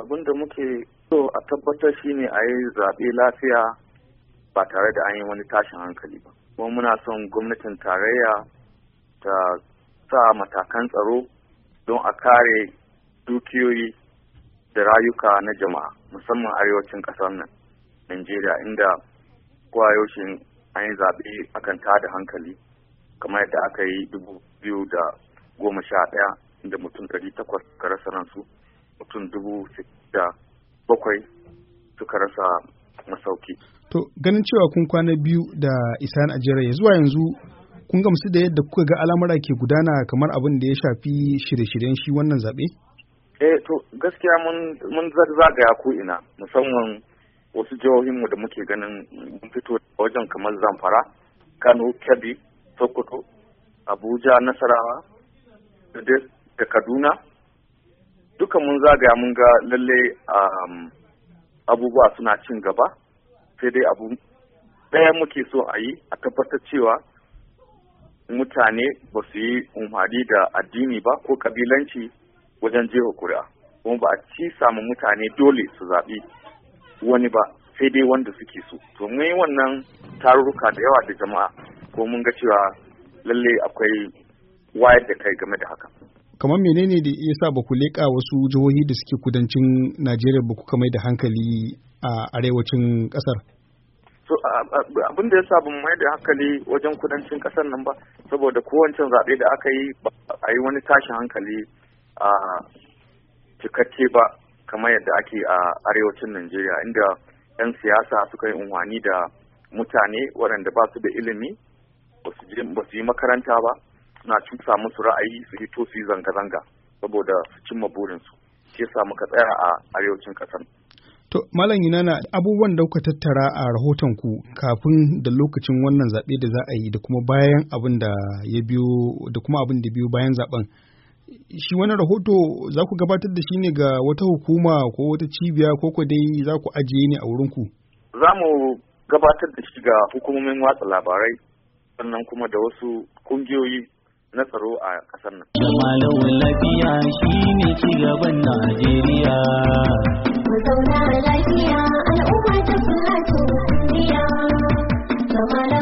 abin da muke so a tabbatar shine a yi zaɓe lafiya ba tare da an yi wani tashin hankali ba kuma muna son gwamnatin tarayya ta sa matakan tsaro don a kare dukiyoyi da rayuka na jama'a musamman arewacin ƙasar nan najeriya inda kwayoshin an yi zaɓe akan ta da hankali kamar yadda aka yi dubu biyu da goma sha ɗaya inda mutum ɗari takwas ka rasa ransu mutum dubu da bakwai suka rasa masauki. To ganin cewa kun kwana biyu da isa a ya zuwa yanzu kun gamsu da yadda kuka ga al'amura ke gudana kamar abin da ya shafi shirye-shiryen shi wannan zaɓe? Eh to gaskiya mun zagaya ko ina musamman wasu jihohinmu da muke ganin mun fito wajen kamar Zamfara, Kano, Kebbi, Sokoto, Abuja, Nasarawa, da Kaduna. duka mun zagaya mun ga lalle um, abubuwa suna cin gaba sai dai abu ɗaya muke so a yi a tabbatar cewa mutane ba su yi umarni da addini ba ko kabilanci wajen jefa kuri'a kuma ba a ci samu mutane dole su zaɓi wani ba sai dai wanda suke so to mun yi wannan tarurruka da yawa da jama'a ko mun ga cewa lalle akwai wayar da kai game da haka kamar menene da ya sa ba ku leƙa wasu jihohi da suke kudancin najeriya ba ku mai da hankali a arewacin ƙasar abin da ya sa ban mai da hankali wajen kudancin ƙasar nan ba saboda kowancin zaɓe da aka yi ba a yi wani tashin hankali a cikakke ba kamar yadda ake a arewacin najeriya inda 'yan siyasa suka yi unwani da mutane waɗanda ba su da ilimi ba su yi makaranta ba suna cusa musu ra'ayi su hito su yi zanga-zanga saboda su cimma burinsu ke sa muka tsaya a arewacin ƙasar To, Malam Yunana, abubuwan da kuka tattara a rahoton ku kafin da lokacin wannan zaɓe da za a yi da kuma bayan abin da ya biyo da kuma abin da biyo bayan zaɓen. Shi wani rahoto za ku gabatar da shi ne ga wata hukuma ko wata cibiya ko ku dai za ku ajiye ne a wurin ku? Za mu gabatar da shi ga hukumomin watsa labarai sannan kuma da wasu ƙungiyoyi. na tsaro a ƙasar nan. Malau lafiya shi ne cigaban Najeriya. Mu zauna lafiya al'umma ta suna